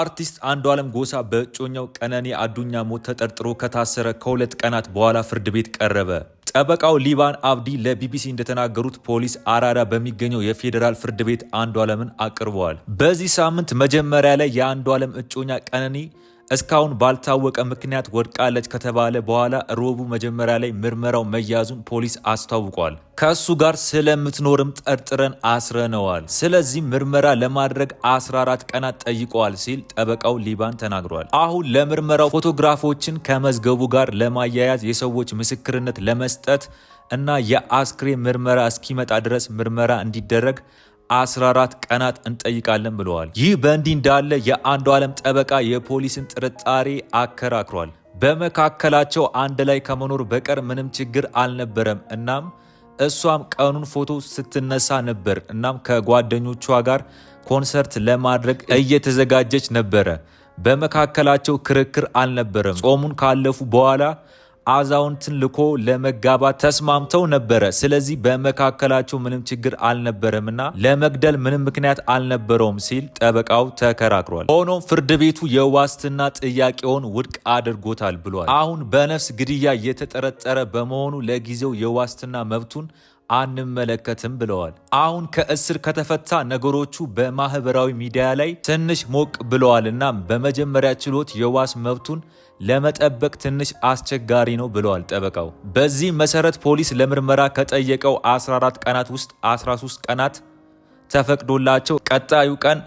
አርቲስት አንዷለም ጎሳ በእጮኛው ቀነኔ አዱኛ ሞት ተጠርጥሮ ከታሰረ ከሁለት ቀናት በኋላ ፍርድ ቤት ቀረበ። ጠበቃው ሊባን አብዲ ለቢቢሲ እንደተናገሩት ፖሊስ አራዳ በሚገኘው የፌዴራል ፍርድ ቤት አንዷለምን አቅርበዋል። በዚህ ሳምንት መጀመሪያ ላይ የአንዷለም እጮኛ ቀነኔ እስካሁን ባልታወቀ ምክንያት ወድቃለች ከተባለ በኋላ ሮቡ መጀመሪያ ላይ ምርመራው መያዙን ፖሊስ አስታውቋል። ከእሱ ጋር ስለምትኖርም ጠርጥረን አስረነዋል። ስለዚህ ምርመራ ለማድረግ 14 ቀናት ጠይቀዋል ሲል ጠበቃው ሊባን ተናግሯል። አሁን ለምርመራው ፎቶግራፎችን ከመዝገቡ ጋር ለማያያዝ የሰዎች ምስክርነት ለመስጠት እና የአስክሬን ምርመራ እስኪመጣ ድረስ ምርመራ እንዲደረግ 14 ቀናት እንጠይቃለን ብለዋል። ይህ በእንዲህ እንዳለ የአንዱ ዓለም ጠበቃ የፖሊስን ጥርጣሬ አከራክሯል። በመካከላቸው አንድ ላይ ከመኖር በቀር ምንም ችግር አልነበረም። እናም እሷም ቀኑን ፎቶ ስትነሳ ነበር። እናም ከጓደኞቿ ጋር ኮንሰርት ለማድረግ እየተዘጋጀች ነበረ። በመካከላቸው ክርክር አልነበረም። ጾሙን ካለፉ በኋላ አዛውንትን ልኮ ለመጋባት ተስማምተው ነበረ። ስለዚህ በመካከላቸው ምንም ችግር አልነበረምና ለመግደል ምንም ምክንያት አልነበረውም ሲል ጠበቃው ተከራክሯል። ሆኖም ፍርድ ቤቱ የዋስትና ጥያቄውን ውድቅ አድርጎታል ብሏል። አሁን በነፍስ ግድያ የተጠረጠረ በመሆኑ ለጊዜው የዋስትና መብቱን አንመለከትም ብለዋል። አሁን ከእስር ከተፈታ ነገሮቹ በማህበራዊ ሚዲያ ላይ ትንሽ ሞቅ ብለዋል እና በመጀመሪያ ችሎት የዋስ መብቱን ለመጠበቅ ትንሽ አስቸጋሪ ነው ብለዋል ጠበቃው። በዚህ መሰረት ፖሊስ ለምርመራ ከጠየቀው 14 ቀናት ውስጥ 13 ቀናት ተፈቅዶላቸው ቀጣዩ ቀን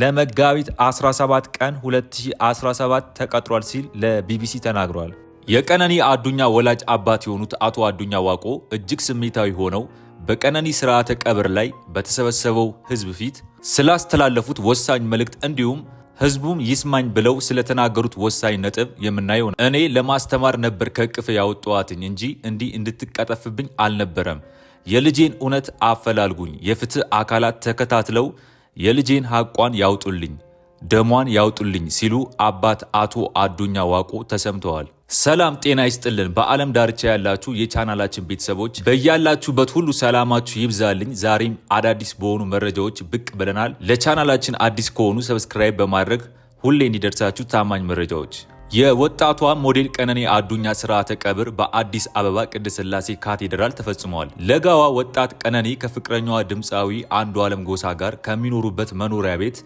ለመጋቢት 17 ቀን 2017 ተቀጥሯል ሲል ለቢቢሲ ተናግሯል። የቀነኒ አዱኛ ወላጅ አባት የሆኑት አቶ አዱኛ ዋቆ እጅግ ስሜታዊ ሆነው በቀነኒ ስርዓተ ቀብር ላይ በተሰበሰበው ህዝብ ፊት ስላስተላለፉት ወሳኝ መልእክት እንዲሁም ህዝቡም ይስማኝ ብለው ስለተናገሩት ወሳኝ ነጥብ የምናየው ነው። እኔ ለማስተማር ነበር ከቅፍ ያወጣዋትኝ እንጂ እንዲህ እንድትቀጠፍብኝ አልነበረም። የልጄን እውነት አፈላልጉኝ። የፍትህ አካላት ተከታትለው የልጄን ሐቋን ያውጡልኝ፣ ደሟን ያውጡልኝ ሲሉ አባት አቶ አዱኛ ዋቆ ተሰምተዋል። ሰላም ጤና ይስጥልን። በዓለም ዳርቻ ያላችሁ የቻናላችን ቤተሰቦች በያላችሁበት ሁሉ ሰላማችሁ ይብዛልኝ። ዛሬም አዳዲስ በሆኑ መረጃዎች ብቅ ብለናል። ለቻናላችን አዲስ ከሆኑ ሰብስክራይብ በማድረግ ሁሌ እንዲደርሳችሁ ታማኝ መረጃዎች። የወጣቷ ሞዴል ቀነኔ አዱኛ ስርዓተ ቀብር በአዲስ አበባ ቅድስት ስላሴ ካቴድራል ተፈጽሟል። ለጋዋ ወጣት ቀነኔ ከፍቅረኛዋ ድምፃዊ ዓለም ጎሳ ጋር ከሚኖሩበት መኖሪያ ቤት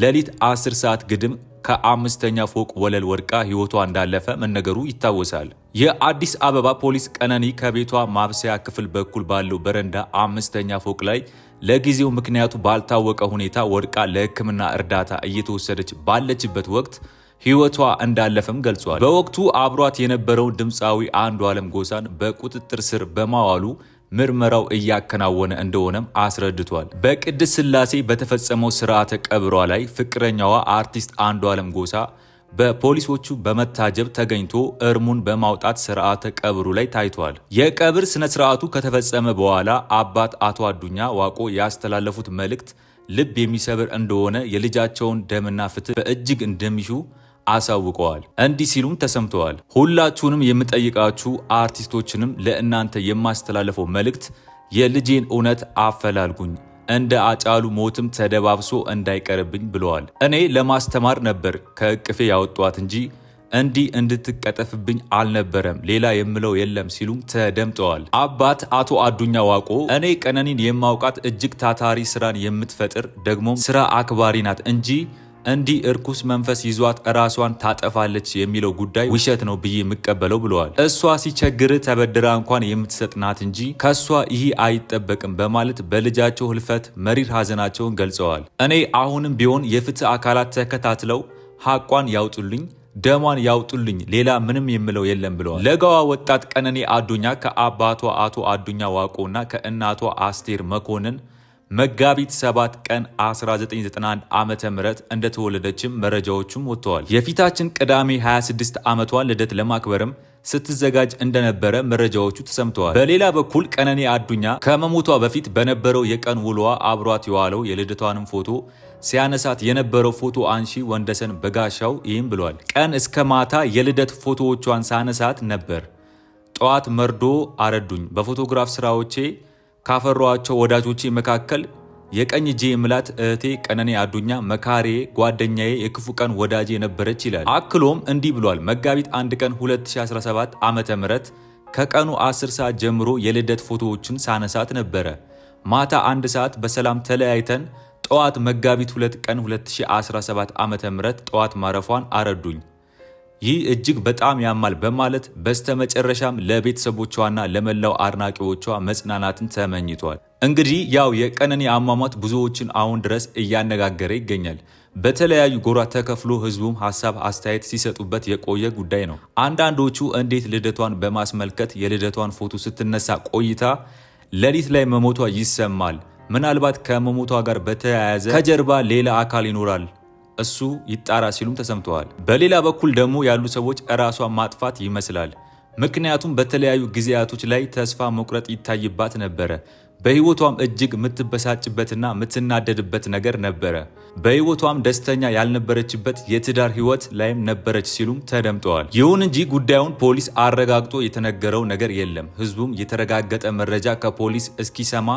ሌሊት 10 ሰዓት ግድም ከአምስተኛ ፎቅ ወለል ወድቃ ሕይወቷ እንዳለፈ መነገሩ ይታወሳል። የአዲስ አበባ ፖሊስ ቀነኒ ከቤቷ ማብሰያ ክፍል በኩል ባለው በረንዳ አምስተኛ ፎቅ ላይ ለጊዜው ምክንያቱ ባልታወቀ ሁኔታ ወድቃ ለሕክምና እርዳታ እየተወሰደች ባለችበት ወቅት ሕይወቷ እንዳለፈም ገልጿል። በወቅቱ አብሯት የነበረውን ድምፃዊ አንዱ ዓለም ጎሳን በቁጥጥር ስር በማዋሉ ምርመራው እያከናወነ እንደሆነም አስረድቷል። በቅድስት ስላሴ በተፈጸመው ስርዓተ ቀብሯ ላይ ፍቅረኛዋ አርቲስት አንዷለም ጎሳ በፖሊሶቹ በመታጀብ ተገኝቶ እርሙን በማውጣት ስርዓተ ቀብሩ ላይ ታይቷል። የቀብር ስነ ስርዓቱ ከተፈጸመ በኋላ አባት አቶ አዱኛ ዋቆ ያስተላለፉት መልእክት ልብ የሚሰብር እንደሆነ፣ የልጃቸውን ደምና ፍትህ በእጅግ እንደሚሹ አሳውቀዋል። እንዲህ ሲሉም ተሰምተዋል። ሁላችሁንም የምጠይቃችሁ አርቲስቶችንም ለእናንተ የማስተላለፈው መልእክት የልጄን እውነት አፈላልጉኝ እንደ አጫሉ ሞትም ተደባብሶ እንዳይቀርብኝ ብለዋል። እኔ ለማስተማር ነበር ከእቅፌ ያወጧት እንጂ እንዲህ እንድትቀጠፍብኝ አልነበረም። ሌላ የምለው የለም ሲሉም ተደምጠዋል። አባት አቶ አዱኛ ዋቆ እኔ ቀነኒን የማውቃት እጅግ ታታሪ ስራን የምትፈጥር ደግሞም ስራ አክባሪ ናት እንጂ እንዲህ እርኩስ መንፈስ ይዟት ራሷን ታጠፋለች የሚለው ጉዳይ ውሸት ነው ብዬ የምቀበለው ብለዋል። እሷ ሲቸግር ተበድራ እንኳን የምትሰጥ ናት እንጂ ከእሷ ይህ አይጠበቅም በማለት በልጃቸው ህልፈት መሪር ሀዘናቸውን ገልጸዋል። እኔ አሁንም ቢሆን የፍትህ አካላት ተከታትለው ሀቋን ያውጡልኝ ደሟን ያውጡልኝ፣ ሌላ ምንም የምለው የለም ብለዋል። ለጋዋ ወጣት ቀነኔ አዱኛ ከአባቷ አቶ አዱኛ ዋቆና ከእናቷ አስቴር መኮንን መጋቢት 7 ቀን 1991 ዓ ም እንደተወለደችም መረጃዎቹም ወጥተዋል። የፊታችን ቅዳሜ 26 ዓመቷን ልደት ለማክበርም ስትዘጋጅ እንደነበረ መረጃዎቹ ተሰምተዋል። በሌላ በኩል ቀነኔ አዱኛ ከመሞቷ በፊት በነበረው የቀን ውሏ አብሯት የዋለው የልደቷንም ፎቶ ሲያነሳት የነበረው ፎቶ አንሺ ወንደሰን በጋሻው ይህም ብሏል። ቀን እስከ ማታ የልደት ፎቶዎቿን ሳነሳት ነበር። ጠዋት መርዶ አረዱኝ በፎቶግራፍ ስራዎቼ ካፈሯቸው ወዳጆቼ መካከል የቀኝ እጄ ምላት እህቴ ቀነኔ አዱኛ መካሬ ጓደኛዬ፣ የክፉ ቀን ወዳጄ የነበረች ይላል። አክሎም እንዲህ ብሏል። መጋቢት አንድ ቀን 2017 ዓ ም ከቀኑ 10 ሰዓት ጀምሮ የልደት ፎቶዎችን ሳነሳት ነበረ። ማታ አንድ ሰዓት በሰላም ተለያይተን ጠዋት መጋቢት 2 ቀን 2017 ዓ ም ጠዋት ማረፏን አረዱኝ። ይህ እጅግ በጣም ያማል በማለት በስተመጨረሻም ለቤተሰቦቿና ለመላው አድናቂዎቿ መጽናናትን ተመኝቷል። እንግዲህ ያው የቀነኒ አሟሟት ብዙዎችን አሁን ድረስ እያነጋገረ ይገኛል። በተለያዩ ጎራ ተከፍሎ ህዝቡም ሀሳብ አስተያየት ሲሰጡበት የቆየ ጉዳይ ነው። አንዳንዶቹ እንዴት ልደቷን በማስመልከት የልደቷን ፎቶ ስትነሳ ቆይታ ሌሊት ላይ መሞቷ ይሰማል፣ ምናልባት ከመሞቷ ጋር በተያያዘ ከጀርባ ሌላ አካል ይኖራል እሱ ይጣራ ሲሉም ተሰምተዋል። በሌላ በኩል ደግሞ ያሉ ሰዎች እራሷን ማጥፋት ይመስላል። ምክንያቱም በተለያዩ ጊዜያቶች ላይ ተስፋ መቁረጥ ይታይባት ነበረ። በህይወቷም እጅግ የምትበሳጭበትና የምትናደድበት ነገር ነበረ። በህይወቷም ደስተኛ ያልነበረችበት የትዳር ህይወት ላይም ነበረች ሲሉም ተደምጠዋል። ይሁን እንጂ ጉዳዩን ፖሊስ አረጋግጦ የተነገረው ነገር የለም። ህዝቡም የተረጋገጠ መረጃ ከፖሊስ እስኪሰማ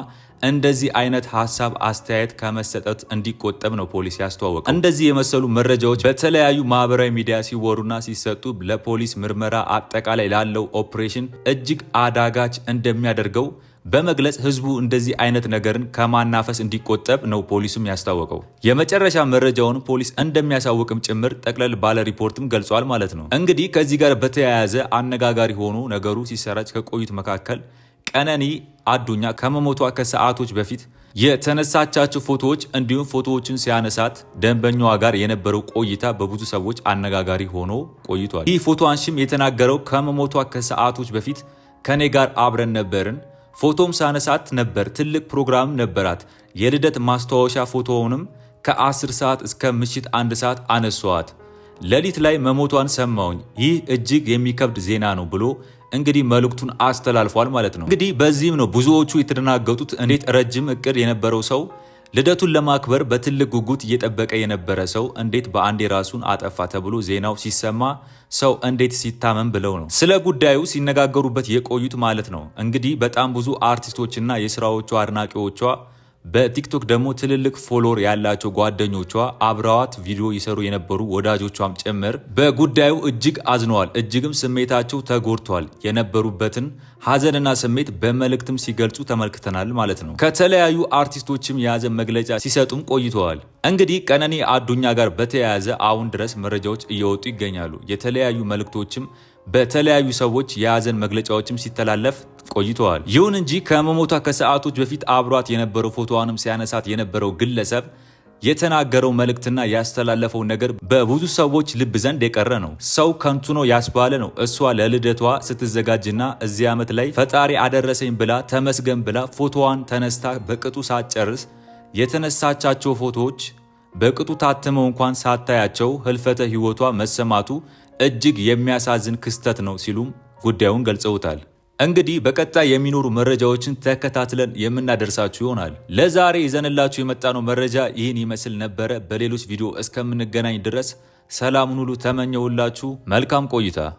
እንደዚህ አይነት ሀሳብ፣ አስተያየት ከመሰጠት እንዲቆጠብ ነው ፖሊስ ያስተዋወቀ። እንደዚህ የመሰሉ መረጃዎች በተለያዩ ማህበራዊ ሚዲያ ሲወሩና ሲሰጡ ለፖሊስ ምርመራ አጠቃላይ ላለው ኦፕሬሽን እጅግ አዳጋች እንደሚያደርገው በመግለጽ ህዝቡ እንደዚህ አይነት ነገርን ከማናፈስ እንዲቆጠብ ነው ፖሊስም ያስታወቀው። የመጨረሻ መረጃውን ፖሊስ እንደሚያሳውቅም ጭምር ጠቅለል ባለ ሪፖርትም ገልጿል ማለት ነው። እንግዲህ ከዚህ ጋር በተያያዘ አነጋጋሪ ሆኖ ነገሩ ሲሰራጭ ከቆዩት መካከል ቀነኒ አዱኛ ከመሞቷ ከሰዓቶች በፊት የተነሳቻቸው ፎቶዎች እንዲሁም ፎቶዎችን ሲያነሳት ደንበኛዋ ጋር የነበረው ቆይታ በብዙ ሰዎች አነጋጋሪ ሆኖ ቆይቷል። ይህ ፎቶ አንሺም የተናገረው ከመሞቷ ከሰዓቶች በፊት ከኔ ጋር አብረን ነበርን ፎቶም ሳነሳት ነበር። ትልቅ ፕሮግራም ነበራት። የልደት ማስታወሻ ፎቶውንም ከ10 ሰዓት እስከ ምሽት አንድ ሰዓት አነሷት። ሌሊት ላይ መሞቷን ሰማውኝ። ይህ እጅግ የሚከብድ ዜና ነው ብሎ እንግዲህ መልእክቱን አስተላልፏል ማለት ነው። እንግዲህ በዚህም ነው ብዙዎቹ የተደናገጡት። እንዴት ረጅም እቅድ የነበረው ሰው ልደቱን ለማክበር በትልቅ ጉጉት እየጠበቀ የነበረ ሰው እንዴት በአንዴ ራሱን አጠፋ ተብሎ ዜናው ሲሰማ ሰው እንዴት ሲታመም ብለው ነው ስለ ጉዳዩ ሲነጋገሩበት የቆዩት ማለት ነው። እንግዲህ በጣም ብዙ አርቲስቶችና የስራዎቿ አድናቂዎቿ በቲክቶክ ደግሞ ትልልቅ ፎሎወር ያላቸው ጓደኞቿ አብረዋት ቪዲዮ ይሰሩ የነበሩ ወዳጆቿም ጭምር በጉዳዩ እጅግ አዝነዋል። እጅግም ስሜታቸው ተጎድቷል። የነበሩበትን ሀዘንና ስሜት በመልእክትም ሲገልጹ ተመልክተናል ማለት ነው። ከተለያዩ አርቲስቶችም የያዘ መግለጫ ሲሰጡም ቆይተዋል። እንግዲህ ቀነኒ አዱኛ ጋር በተያያዘ አሁን ድረስ መረጃዎች እየወጡ ይገኛሉ። የተለያዩ መልእክቶችም በተለያዩ ሰዎች የሀዘን መግለጫዎችም ሲተላለፍ ቆይተዋል። ይሁን እንጂ ከመሞቷ ከሰዓቶች በፊት አብሯት የነበረው ፎቶዋንም ሲያነሳት የነበረው ግለሰብ የተናገረው መልእክትና ያስተላለፈው ነገር በብዙ ሰዎች ልብ ዘንድ የቀረ ነው። ሰው ከንቱ ነው ያስባለ ነው። እሷ ለልደቷ ስትዘጋጅና እዚህ ዓመት ላይ ፈጣሪ አደረሰኝ ብላ ተመስገን ብላ ፎቶዋን ተነስታ በቅጡ ሳትጨርስ የተነሳቻቸው ፎቶዎች በቅጡ ታትመው እንኳን ሳታያቸው ህልፈተ ህይወቷ መሰማቱ እጅግ የሚያሳዝን ክስተት ነው ሲሉም ጉዳዩን ገልጸውታል። እንግዲህ በቀጣይ የሚኖሩ መረጃዎችን ተከታትለን የምናደርሳችሁ ይሆናል። ለዛሬ ይዘንላችሁ የመጣነው መረጃ ይህን ይመስል ነበረ። በሌሎች ቪዲዮ እስከምንገናኝ ድረስ ሰላሙን ሁሉ ተመኘውላችሁ። መልካም ቆይታ